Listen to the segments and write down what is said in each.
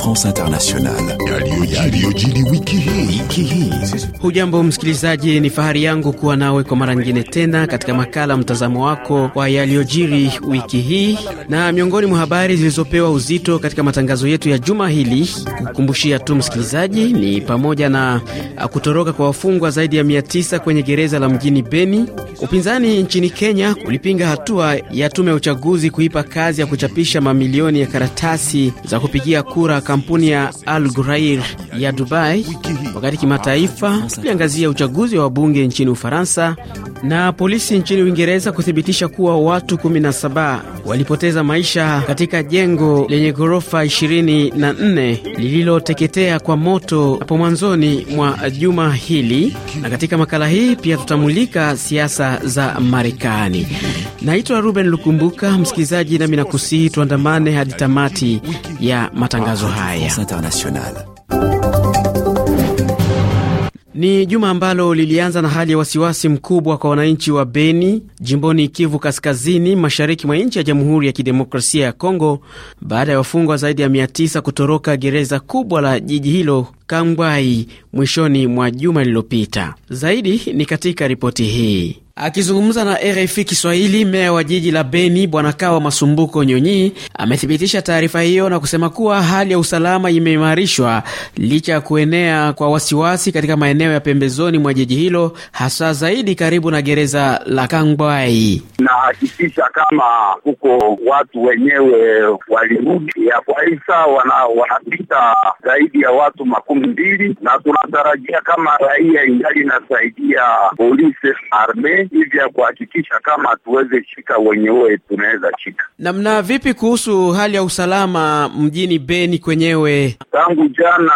France Internationale. Hujambo msikilizaji, ni fahari yangu kuwa nawe kwa mara nyingine tena katika makala mtazamo wako wa yaliyojiri wiki hii, na miongoni mwa habari zilizopewa uzito katika matangazo yetu ya juma hili, kukumbushia tu msikilizaji, ni pamoja na kutoroka kwa wafungwa zaidi ya tisa kwenye gereza la mjini Beni. Upinzani nchini Kenya ulipinga hatua ya tume ya uchaguzi kuipa kazi ya kuchapisha mamilioni ya karatasi za kupigia kura kampuni ya Al Ghurair ya Dubai, wakati kimataifa tuliangazia uchaguzi wa wabunge nchini Ufaransa na polisi nchini Uingereza kuthibitisha kuwa watu 17 walipoteza maisha katika jengo lenye ghorofa 24 lililoteketea kwa moto hapo mwanzoni mwa juma hili. Na katika makala hii pia tutamulika siasa za Marekani. Naitwa Ruben Lukumbuka, msikilizaji, nami nakusihi tuandamane hadi tamati ya matangazo haya. Ni juma ambalo lilianza na hali ya wasiwasi mkubwa kwa wananchi wa Beni jimboni Kivu Kaskazini, mashariki mwa nchi ya Jamhuri ya Kidemokrasia ya Kongo baada ya wafungwa zaidi ya 900 kutoroka gereza kubwa la jiji hilo Kangwai mwishoni mwa juma lililopita. Zaidi ni katika ripoti hii. Akizungumza na RFI Kiswahili, meya wa jiji la Beni Bwana Kawa Masumbuko Nyonyi amethibitisha taarifa hiyo na kusema kuwa hali ya usalama imeimarishwa licha ya kuenea kwa wasiwasi katika maeneo ya pembezoni mwa jiji hilo, hasa zaidi karibu na gereza la Kangbai. Nahakikisha kama huko watu wenyewe walirudi ya kwaisa, wanapita wana zaidi ya watu makumi mbili, na tunatarajia kama raia ingali inasaidia polisi arme hivi ya kuhakikisha kama tuweze shika wenyewe tunaweza shika. Namna vipi kuhusu hali ya usalama mjini Beni kwenyewe? Tangu jana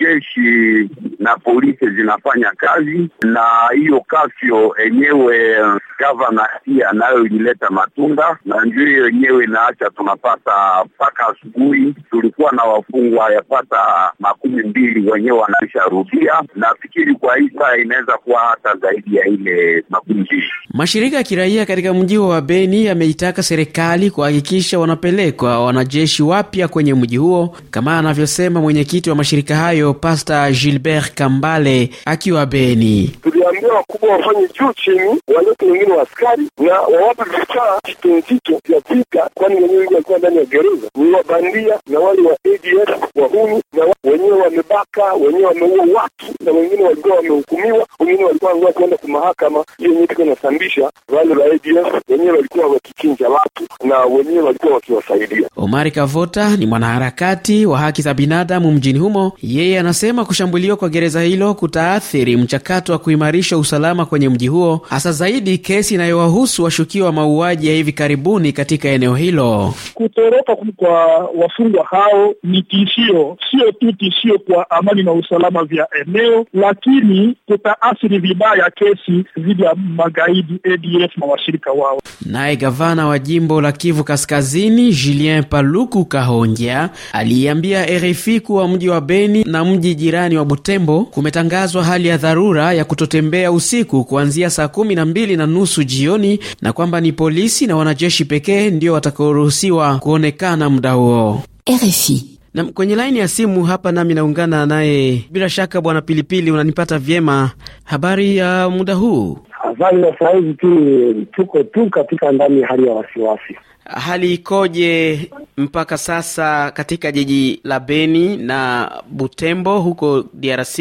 jeshi na polisi zinafanya kazi, na hiyo kafyo enyewe gavana pia nayo ilileta matunda, na ndio yenyewe inaacha tunapata mpaka asubuhi tulikuwa na wafungwa yapata makumi mbili wenyewe wanaisharudia. Nafikiri kwa hii saa inaweza kuwa hata zaidi ya ile makumi Thank you. Mashirika ya kiraia katika mji wa Beni yameitaka serikali kuhakikisha wanapelekwa wanajeshi wapya kwenye mji huo, kama anavyosema mwenyekiti wa mashirika hayo Pasta Gilbert Kambale akiwa Beni. tuliambia wakubwa wafanye juu chini, walete wengine wa askari na wawape vifaa vito nzito vya vita, kwani wenyewe wengi walikuwa ndani ya gereza ni wabandia na wale wa ADF wahuni, na wenyewe wamebaka, wenyewe wameua watu, na wengine walikuwa wamehukumiwa, wengine walikuwa kuenda kumahakama hiyo nyeti na sambi kuwasairisha wale wa wenyewe walikuwa wakichinja watu na wenyewe walikuwa wakiwasaidia. Omari Kavota ni mwanaharakati wa haki za binadamu mjini humo. Yeye anasema kushambuliwa kwa gereza hilo kutaathiri mchakato wa kuimarisha usalama kwenye mji huo, hasa zaidi kesi inayowahusu washukiwa mauaji ya hivi karibuni katika eneo hilo. Kutoroka kwa wafungwa hao ni tishio, sio tu tishio kwa amani na usalama vya eneo, lakini kutaathiri vibaya kesi dhidi ya magaidi ADF na washirika wao. Naye gavana wa jimbo la Kivu Kaskazini Julien Paluku Kahongya aliambia RFI kuwa mji wa Beni na mji jirani wa Butembo kumetangazwa hali ya dharura ya kutotembea usiku kuanzia saa kumi na mbili na nusu jioni na kwamba ni polisi na wanajeshi pekee ndio watakaoruhusiwa kuonekana muda huo. RFI na kwenye laini ya simu hapa nami naungana naye bila shaka, bwana Pilipili, unanipata vyema? Habari ya muda huu? nadhani na saa hizi tu tuko tu katika ndani ya hali ya wasiwasi. Hali ikoje mpaka sasa katika jiji la Beni na Butembo huko DRC?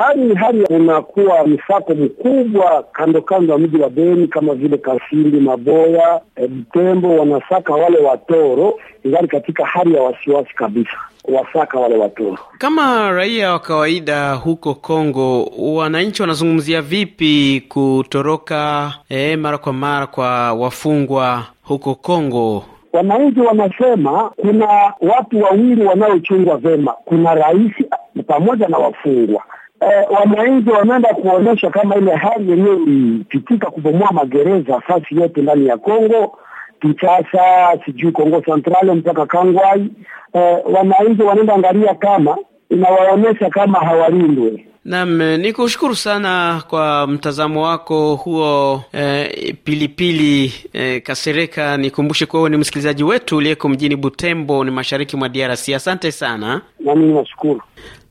hali ni hali, unakuwa msako mkubwa kando kando ya mji wa Beni kama vile Kasindi, Maboya, eh, Mtembo, wanasaka wale watoro, ingali katika hali ya wasiwasi kabisa wasaka wale watoro. Kama raia wa kawaida huko Kongo, wananchi wanazungumzia vipi kutoroka eh, mara kwa mara kwa wafungwa huko Kongo? Wananchi wanasema kuna watu wawili wanaochungwa vema, kuna rais pamoja na wafungwa eh, wananchi wanaenda kuonyesha kama ile hali yenyewe ilipitika kubomoa magereza fasi yote ndani ya Kongo Kinshasa, sijui Kongo Central mpaka Kangwai. Eh, wananchi wanaenda angalia kama inawaonyesha kama hawalindwe. Naam, eh, nikushukuru sana kwa mtazamo wako huo eh, Pilipili eh, Kasereka. Nikumbushe kuwa ni msikilizaji wetu uliyeko mjini Butembo, ni mashariki mwa DRC. Asante sana. Nami nashukuru.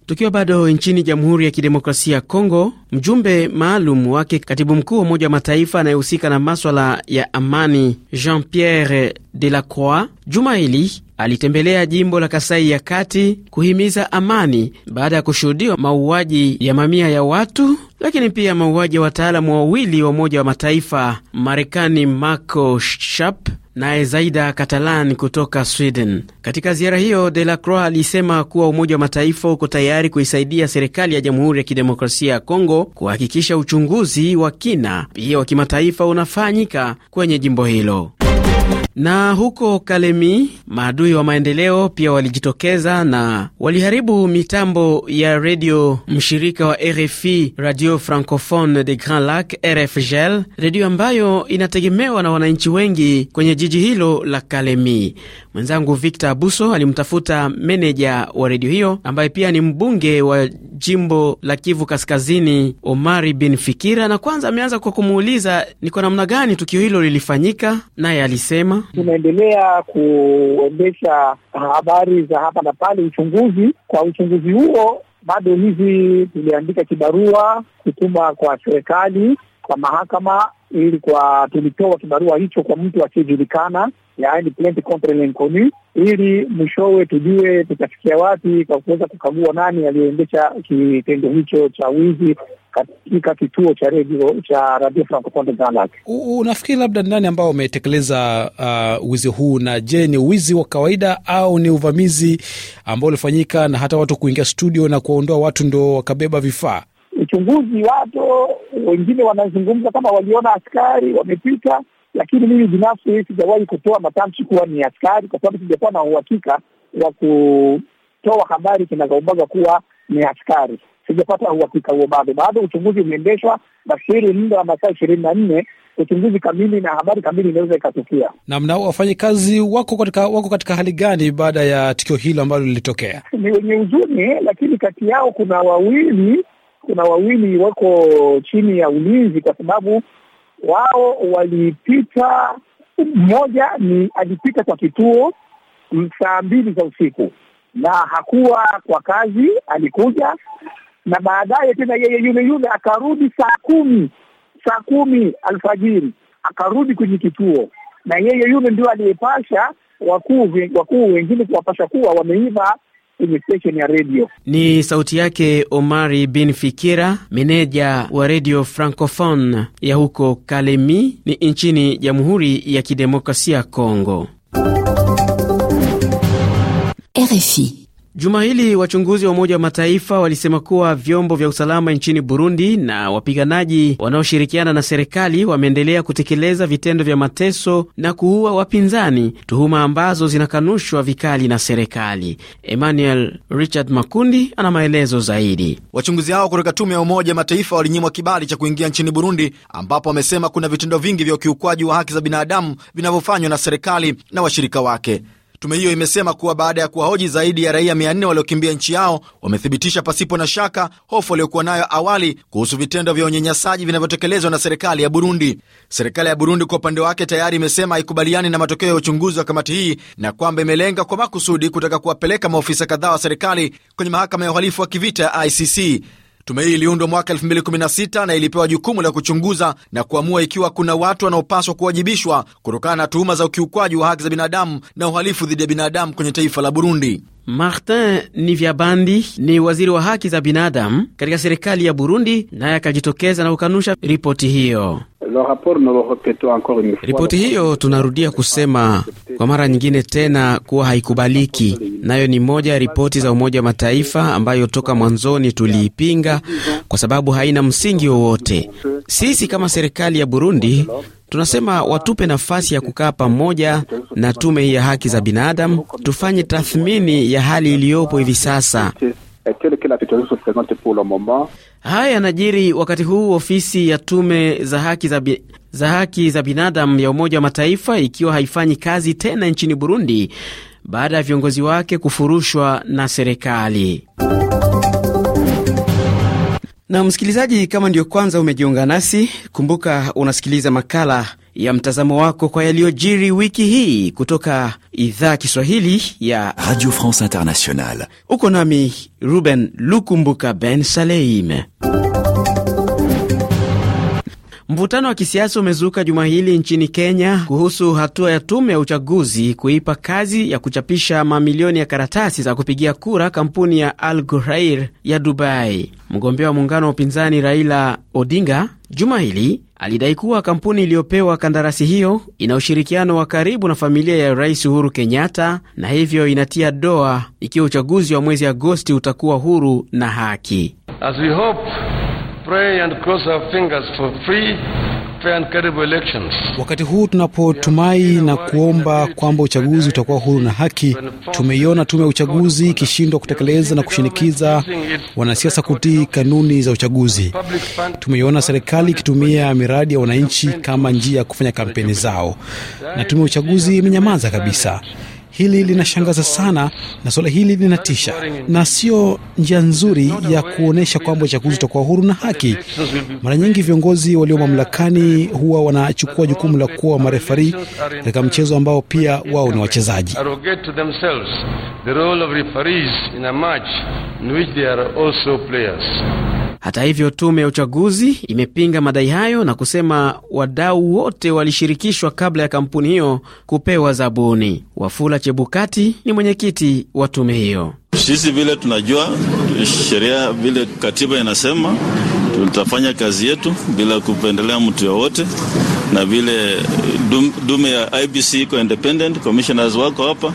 Tukiwa bado nchini Jamhuri ya Kidemokrasia ya Kongo, mjumbe maalum wake katibu mkuu wa Umoja wa Mataifa anayehusika na maswala ya amani Jean Pierre Delacroix juma hili alitembelea jimbo la Kasai ya Kati kuhimiza amani baada ya kushuhudiwa mauaji ya mamia ya watu, lakini pia mauaji ya wataalamu wawili wa Umoja wa Mataifa Marekani Marco Sharp Naye Zaida Catalan kutoka Sweden. Katika ziara hiyo, De la Croix alisema kuwa Umoja wa Mataifa uko tayari kuisaidia serikali ya Jamhuri ya Kidemokrasia ya Kongo kuhakikisha uchunguzi wa kina pia wa kimataifa unafanyika kwenye jimbo hilo. Na huko Kalemi, maadui wa maendeleo pia walijitokeza na waliharibu mitambo ya redio mshirika wa RFI, Radio Francophone de Grand Lac, RFGL, redio ambayo inategemewa na wananchi wengi kwenye jiji hilo la Kalemi. Mwenzangu Victor Abuso alimtafuta meneja wa redio hiyo ambaye pia ni mbunge wa jimbo la Kivu Kaskazini, Omari Bin Fikira, na kwanza ameanza kwa kumuuliza ni kwa namna gani tukio hilo lilifanyika, naye alisema tunaendelea kuendesha habari za hapa na pale, uchunguzi. Kwa uchunguzi huo bado hizi tuliandika kibarua kutuma kwa serikali, kwa mahakama ili kwa tulitoa kibarua hicho kwa mtu asiyejulikana, yaani plainte contre l'inconnu, ili mwishowe tujue tutafikia wapi kwa kuweza kukagua nani aliyoendesha kitendo hicho cha wizi katika kituo cha redio cha Radio Conde jina lake. Unafikiri labda nani ambao wametekeleza uh, wizi huu, na je, ni wizi wa kawaida au ni uvamizi ambao ulifanyika na hata watu kuingia studio na kuwaondoa watu ndo wakabeba vifaa? Uchunguzi wato wengine wanazungumza kama waliona askari wamepita, lakini mimi binafsi sijawahi kutoa matamshi kuwa ni askari, kwa sababu sijakuwa na uhakika wa kutoa habari kinagaubaga kuwa ni askari. Sijapata uhakika huo bado, bado uchunguzi umeendeshwa. Nafikiri muda wa masaa ishirini na nne uchunguzi kamili na habari kamili inaweza ikatukia. namna Na wafanyikazi wako katika wako katika hali gani baada ya tukio hilo ambalo lilitokea? Ni wenye huzuni, lakini kati yao kuna wawili kuna wawili wako chini ya ulinzi kwa sababu wao walipita, mmoja ni alipita kwa kituo saa mbili za usiku na hakuwa kwa kazi, alikuja na baadaye tena yeye yule yule akarudi saa kumi saa kumi alfajiri akarudi kwenye kituo, na yeye yule ndio aliyepasha wakuu wakuu wengine kuwapasha kuwa wameiva kwenye station ya redio. Ni sauti yake Omari bin Fikira, meneja wa redio Francophone ya huko Kalemi ni nchini Jamhuri ya Kidemokrasia ya Kongo. RFI. Juma hili wachunguzi wa Umoja wa Mataifa walisema kuwa vyombo vya usalama nchini Burundi na wapiganaji wanaoshirikiana na serikali wameendelea kutekeleza vitendo vya mateso na kuua wapinzani, tuhuma ambazo zinakanushwa vikali na serikali. Emmanuel Richard Makundi ana maelezo zaidi. Wachunguzi hao kutoka tume ya Umoja wa Mataifa walinyimwa kibali cha kuingia nchini Burundi, ambapo wamesema kuna vitendo vingi vya ukiukwaji wa haki za binadamu vinavyofanywa na serikali na washirika wake. Tume hiyo imesema kuwa baada ya kuwahoji zaidi ya raia 400 waliokimbia nchi yao, wamethibitisha pasipo na shaka hofu waliokuwa nayo awali kuhusu vitendo vya unyanyasaji vinavyotekelezwa na serikali ya Burundi. Serikali ya Burundi kwa upande wake tayari imesema haikubaliani na matokeo ya uchunguzi wa kamati hii na kwamba imelenga kwa makusudi kutaka kuwapeleka maofisa kadhaa wa serikali kwenye mahakama ya uhalifu wa kivita ya ICC. Tume hii iliundwa mwaka 2016 na ilipewa jukumu la kuchunguza na kuamua ikiwa kuna watu wanaopaswa kuwajibishwa kutokana na tuhuma za ukiukwaji wa haki za binadamu na uhalifu dhidi ya binadamu kwenye taifa la Burundi. Martin Nivyabandi ni waziri wa haki za binadamu katika serikali ya Burundi, naye akajitokeza na kukanusha ripoti hiyo. Ripoti hiyo tunarudia kusema kwa mara nyingine tena kuwa haikubaliki, nayo ni moja ya ripoti za Umoja wa Mataifa ambayo toka mwanzoni tuliipinga kwa sababu haina msingi wowote. Sisi kama serikali ya Burundi tunasema watupe nafasi ya kukaa pamoja na tume ya haki za binadamu, tufanye tathmini ya hali iliyopo hivi sasa Eh, kile kile tutorizo presente pour le moment. Haya yanajiri wakati huu ofisi ya tume za haki za, bi, za haki za binadamu ya Umoja wa Mataifa ikiwa haifanyi kazi tena nchini Burundi baada ya viongozi wake kufurushwa na serikali. Na msikilizaji, kama ndiyo kwanza umejiunga nasi, kumbuka unasikiliza makala ya mtazamo wako kwa yaliyojiri wiki hii kutoka idhaa Kiswahili ya Radio France Internationale. Uko nami Ruben Lukumbuka Ben saleime Mvutano wa kisiasa umezuka juma hili nchini Kenya kuhusu hatua ya tume ya uchaguzi kuipa kazi ya kuchapisha mamilioni ya karatasi za kupigia kura kampuni ya Al Ghurair ya Dubai. Mgombea wa muungano wa upinzani Raila Odinga juma hili alidai kuwa kampuni iliyopewa kandarasi hiyo ina ushirikiano wa karibu na familia ya Rais Uhuru Kenyatta na hivyo inatia doa ikiwa uchaguzi wa mwezi Agosti utakuwa huru na haki As we hope pray and cross our fingers for free Wakati huu tunapotumai na kuomba kwamba uchaguzi utakuwa huru na haki. Tumeiona tume ya uchaguzi ikishindwa kutekeleza na kushinikiza wanasiasa kutii kanuni za uchaguzi. Tumeiona serikali ikitumia miradi ya wananchi kama njia ya kufanya kampeni zao, na tume ya uchaguzi imenyamaza kabisa. Hili linashangaza sana na suala hili linatisha, na sio njia nzuri ya kuonyesha kwamba uchaguzi utakuwa huru na haki. Mara nyingi viongozi walio mamlakani huwa wanachukua jukumu la kuwa marefari katika mchezo ambao pia wao ni wachezaji. The role of referees in a match in which they are also players. Hata hivyo, tume ya uchaguzi imepinga madai hayo na kusema wadau wote walishirikishwa kabla ya kampuni hiyo kupewa zabuni. Wafula Chebukati ni mwenyekiti wa tume hiyo. Sisi vile tunajua sheria vile katiba inasema, tutafanya kazi yetu bila kupendelea mtu yoyote, na vile dume ya IBC iko independent, commissioners wako hapa,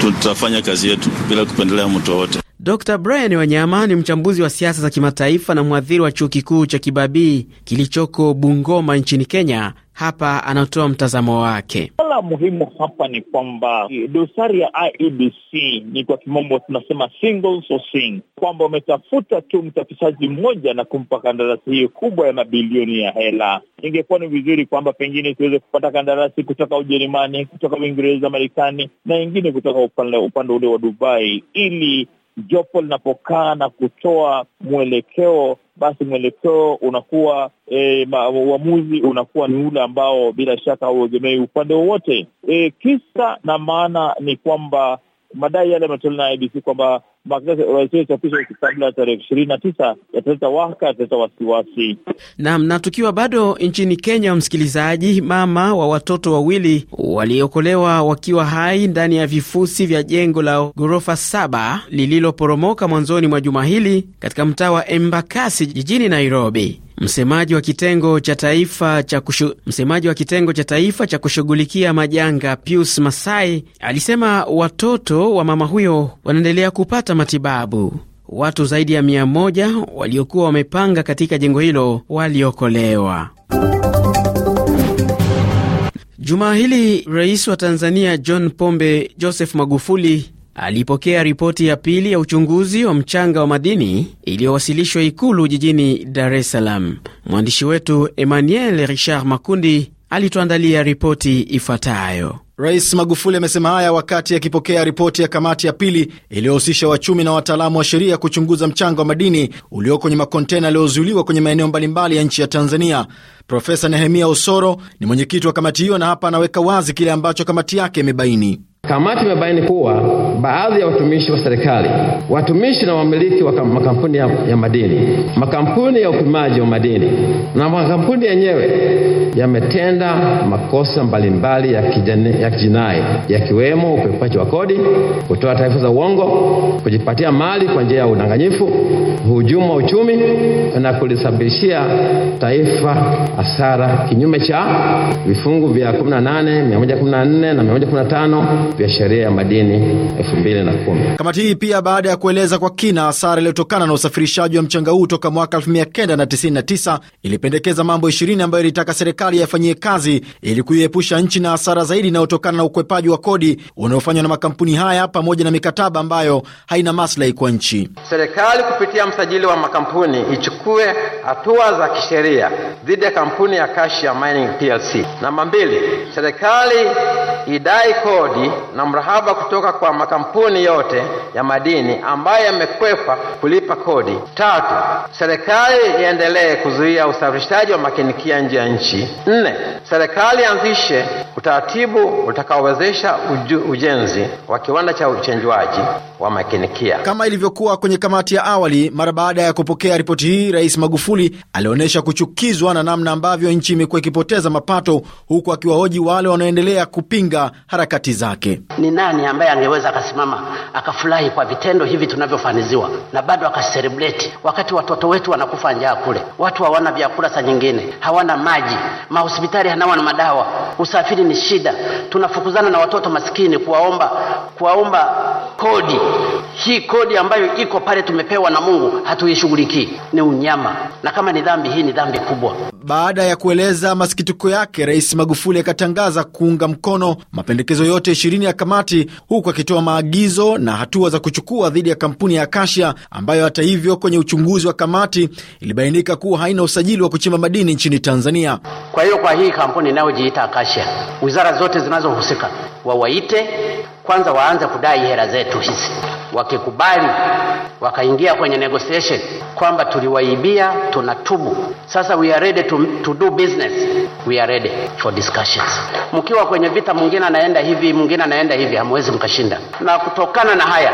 tutafanya kazi yetu bila kupendelea mtu yoyote. Dr Brian Wanyama ni mchambuzi wa siasa za kimataifa na mhadhiri wa chuo kikuu cha Kibabii kilichoko Bungoma nchini Kenya. Hapa anatoa mtazamo wake. Swala muhimu hapa ni kwamba eh, dosari ya IEBC ni kwa kimombo tunasema single sourcing, kwamba wametafuta tu mtapisaji mmoja na kumpa kandarasi hiyo kubwa ya mabilioni ya hela. Ingekuwa ni vizuri kwamba pengine tuweze kupata kandarasi kutoka Ujerumani, kutoka Uingereza, Marekani na ingine kutoka upande ule wa Dubai ili jopo linapokaa na kutoa mwelekeo, basi mwelekeo unakuwa e, ma, uamuzi unakuwa ni ule ambao bila shaka hauegemei upande wowote. E, kisa na maana ni kwamba madai yale yametolewa na IBC kwamba machapisho kabla ya tarehe ishirini na tisa yataleta waka, yataleta wasiwasi. Naam, na tukiwa bado nchini Kenya, msikilizaji, mama wa watoto wawili waliokolewa wakiwa hai ndani ya vifusi vya jengo la ghorofa saba lililoporomoka mwanzoni mwa juma hili katika mtaa wa Embakasi jijini Nairobi. Msemaji wa kitengo cha taifa cha kushu... msemaji wa kitengo cha taifa cha kushughulikia majanga Pius Masai alisema watoto wa mama huyo wanaendelea kupata kupata matibabu. Watu zaidi ya mia moja waliokuwa wamepanga katika jengo hilo waliokolewa. Jumaa hili rais wa Tanzania John Pombe Joseph Magufuli alipokea ripoti ya pili ya uchunguzi wa mchanga wa madini iliyowasilishwa Ikulu jijini Dar es Salaam. Mwandishi wetu Emmanuel Richard Makundi alituandalia ripoti ifuatayo. Rais Magufuli amesema haya wakati akipokea ripoti ya kamati ya pili iliyohusisha wachumi na wataalamu wa sheria kuchunguza mchanga wa madini ulio kwenye makontena yaliyozuiliwa kwenye maeneo mbalimbali ya nchi ya Tanzania. Profesa Nehemia Osoro ni mwenyekiti wa kamati hiyo na hapa anaweka wazi kile ambacho kamati yake imebaini. Kamati imebaini kuwa baadhi ya watumishi wa serikali, watumishi na wamiliki wa makampuni ya, ya madini, makampuni ya upimaji wa madini na makampuni yenyewe yametenda makosa mbalimbali ya, ya kijinai yakiwemo ukwepaji wa kodi, kutoa taarifa za uongo, kujipatia mali kwa njia ya udanganyifu, hujumu wa uchumi na kulisababishia taifa hasara kinyume cha vifungu vya 18, 114 na 115 ya sheria ya madini 2010. Kamati hii pia baada ya kueleza kwa kina hasara iliyotokana na usafirishaji wa mchanga huu toka mwaka 1999 ilipendekeza mambo 20 ambayo ilitaka serikali yafanyie kazi ili kuiepusha nchi na hasara zaidi inayotokana na ukwepaji wa kodi unaofanywa na makampuni haya pamoja na mikataba ambayo haina maslahi kwa nchi. Serikali kupitia msajili wa makampuni ichukue hatua za kisheria dhidi ya kampuni ya Kashia Mining PLC. Namba mbili, serikali idai kodi na mrahaba kutoka kwa makampuni yote ya madini ambayo yamekwepa kulipa kodi. Tatu, serikali iendelee kuzuia usafirishaji wa makinikia nje ya nchi. Nne, serikali anzishe utaratibu utakaowezesha ujenzi wa kiwanda cha uchenjwaji wa makinikia kama ilivyokuwa kwenye kamati ya awali. Mara baada ya kupokea ripoti hii, Rais Magufuli alionyesha kuchukizwa na namna ambavyo nchi imekuwa ikipoteza mapato, huku akiwahoji wale wanaoendelea kupinga kupinga harakati zake. Ni nani ambaye angeweza akasimama akafurahi kwa vitendo hivi tunavyofaniziwa na bado akaselebreti, wakati watoto wetu wanakufa njaa kule, watu hawana vyakula, saa nyingine hawana maji, mahospitali hanawa na madawa, usafiri ni shida, tunafukuzana na watoto masikini kuwaomba kuwaomba kodi. Hii kodi ambayo iko pale tumepewa na Mungu hatuishughulikii, ni unyama, na kama ni dhambi, hii ni dhambi kubwa. Baada ya kueleza masikitiko yake, Rais Magufuli akatangaza kuunga mkono mapendekezo yote ishirini ya kamati, huku akitoa maagizo na hatua za kuchukua dhidi ya kampuni ya Akasia ambayo hata hivyo kwenye uchunguzi wa kamati ilibainika kuwa haina usajili wa kuchimba madini nchini Tanzania. Kwa hiyo kwa hii kampuni inayojiita Akasia, wizara zote zinazohusika wawaite kwanza, waanze kudai hela zetu hizi. Wakikubali wakaingia kwenye negotiation kwamba tuliwaibia, tunatubu, sasa we are ready to, to do business, we are ready for discussions. Mkiwa kwenye vita, mwingine anaenda hivi, mwingine anaenda hivi, hamwezi mkashinda. Na kutokana na haya,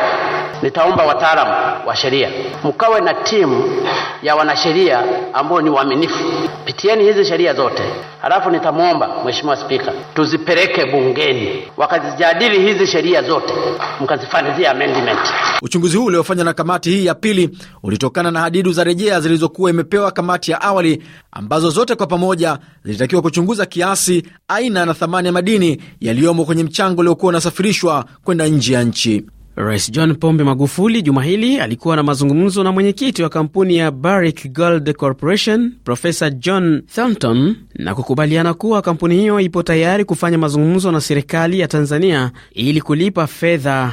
nitaomba wataalamu wa sheria mkawe na timu ya wanasheria ambao ni waaminifu. Pitieni hizi sheria zote, halafu nitamwomba Mheshimiwa Spika tuzipeleke bungeni wakazijadili hizi sheria zote, mkazifanyizia amendment. Uchunguzi huu uliofanywa na kamati kamati hii ya pili ulitokana na hadidu za rejea zilizokuwa imepewa kamati ya awali ambazo zote kwa pamoja zilitakiwa kuchunguza kiasi, aina na thamani ya madini yaliyomo kwenye mchango uliokuwa unasafirishwa kwenda nje ya nchi. Rais John Pombe Magufuli juma hili alikuwa na mazungumzo na mwenyekiti wa kampuni ya Barrick Gold Corporation Profesa John Thornton na kukubaliana kuwa kampuni hiyo ipo tayari kufanya mazungumzo na serikali ya Tanzania ili kulipa fedha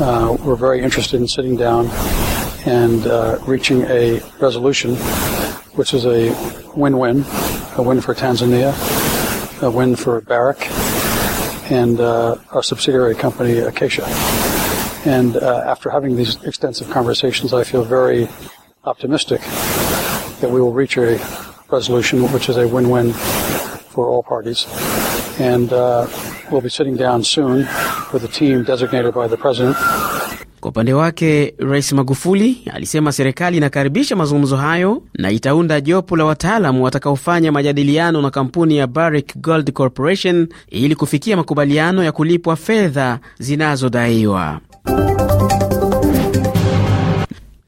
uh, we're very interested in sitting down and uh, reaching a resolution, which is a win-win, a win for Tanzania, a win for Barrick, and uh, our subsidiary company Acacia. And uh, after having these extensive conversations, I feel very optimistic that we will reach a resolution which is a win-win for all parties. And uh, will be sitting down soon with the team designated by the president. Kwa upande wake Rais Magufuli alisema serikali inakaribisha mazungumzo hayo na itaunda jopo la wataalamu watakaofanya majadiliano na kampuni ya Barrick Gold Corporation ili kufikia makubaliano ya kulipwa fedha zinazodaiwa.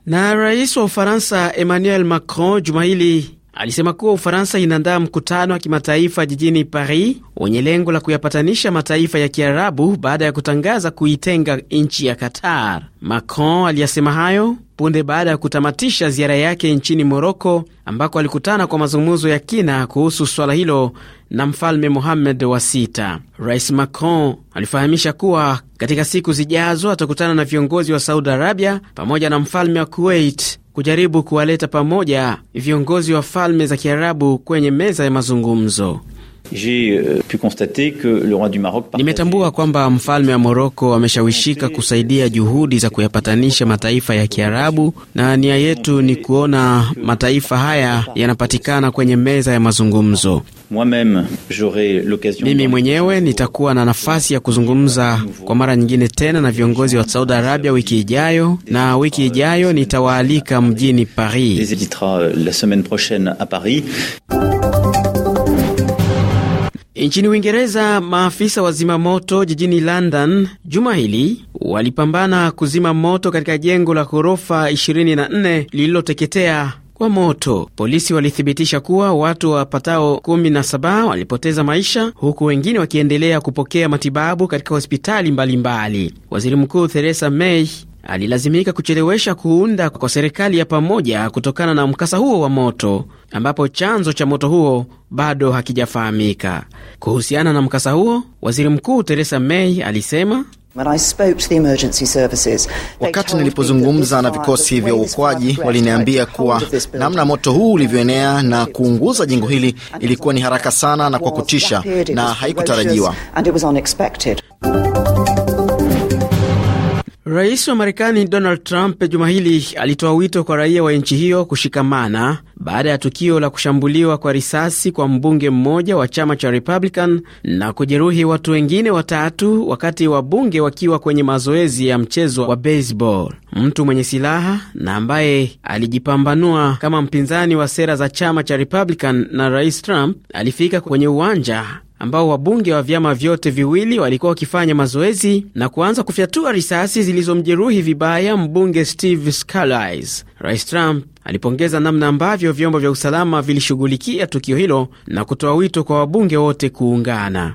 Na rais wa Ufaransa Emmanuel Macron juma hili alisema kuwa Ufaransa inaandaa mkutano wa kimataifa jijini Paris wenye lengo la kuyapatanisha mataifa ya Kiarabu baada ya kutangaza kuitenga nchi ya Qatar. Macron aliyasema hayo punde baada ya kutamatisha ziara yake nchini Moroko ambako alikutana kwa mazungumzo ya kina kuhusu swala hilo na Mfalme Mohammed wa sita. Rais Macron alifahamisha kuwa katika siku zijazo atakutana na viongozi wa Saudi Arabia pamoja na mfalme wa Kuwait kujaribu kuwaleta pamoja viongozi wa falme za Kiarabu kwenye meza ya mazungumzo. Euh, Nimetambua kwamba mfalme wa Moroko ameshawishika kusaidia juhudi za kuyapatanisha mataifa ya Kiarabu, na nia yetu ni kuona mataifa haya yanapatikana kwenye meza ya mazungumzo. Mimi mwenyewe nitakuwa na nafasi ya kuzungumza kwa mara nyingine tena na viongozi wa Saudi Arabia wiki ijayo, na wiki ijayo nitawaalika mjini Paris. Nchini Uingereza, maafisa wa moto jijini London juma hili walipambana kuzima moto katika jengo la ghorofa 24 lililoteketea kwa moto. Polisi walithibitisha kuwa watu wapatao 17 walipoteza maisha huku wengine wakiendelea kupokea matibabu katika hospitali mbalimbali mbali. Waziri Mkuu Theresa May alilazimika kuchelewesha kuunda kwa serikali ya pamoja kutokana na mkasa huo wa moto, ambapo chanzo cha moto huo bado hakijafahamika. Kuhusiana na mkasa huo, waziri mkuu Theresa May alisema Wakati nilipozungumza na vikosi vya uokoaji, waliniambia kuwa namna moto huu ulivyoenea na kuunguza jengo hili ilikuwa ni haraka sana na kwa kutisha na haikutarajiwa. Rais wa Marekani Donald Trump juma hili alitoa wito kwa raia wa nchi hiyo kushikamana baada ya tukio la kushambuliwa kwa risasi kwa mbunge mmoja wa chama cha Republican na kujeruhi watu wengine watatu wakati wabunge wakiwa kwenye mazoezi ya mchezo wa baseball. Mtu mwenye silaha na ambaye alijipambanua kama mpinzani wa sera za chama cha Republican na Rais Trump alifika kwenye uwanja ambao wabunge wa vyama vyote viwili walikuwa wakifanya mazoezi na kuanza kufyatua risasi zilizomjeruhi vibaya mbunge Steve Scalise. Rais Trump alipongeza namna ambavyo vyombo vya usalama vilishughulikia tukio hilo na kutoa wito kwa wabunge wote kuungana.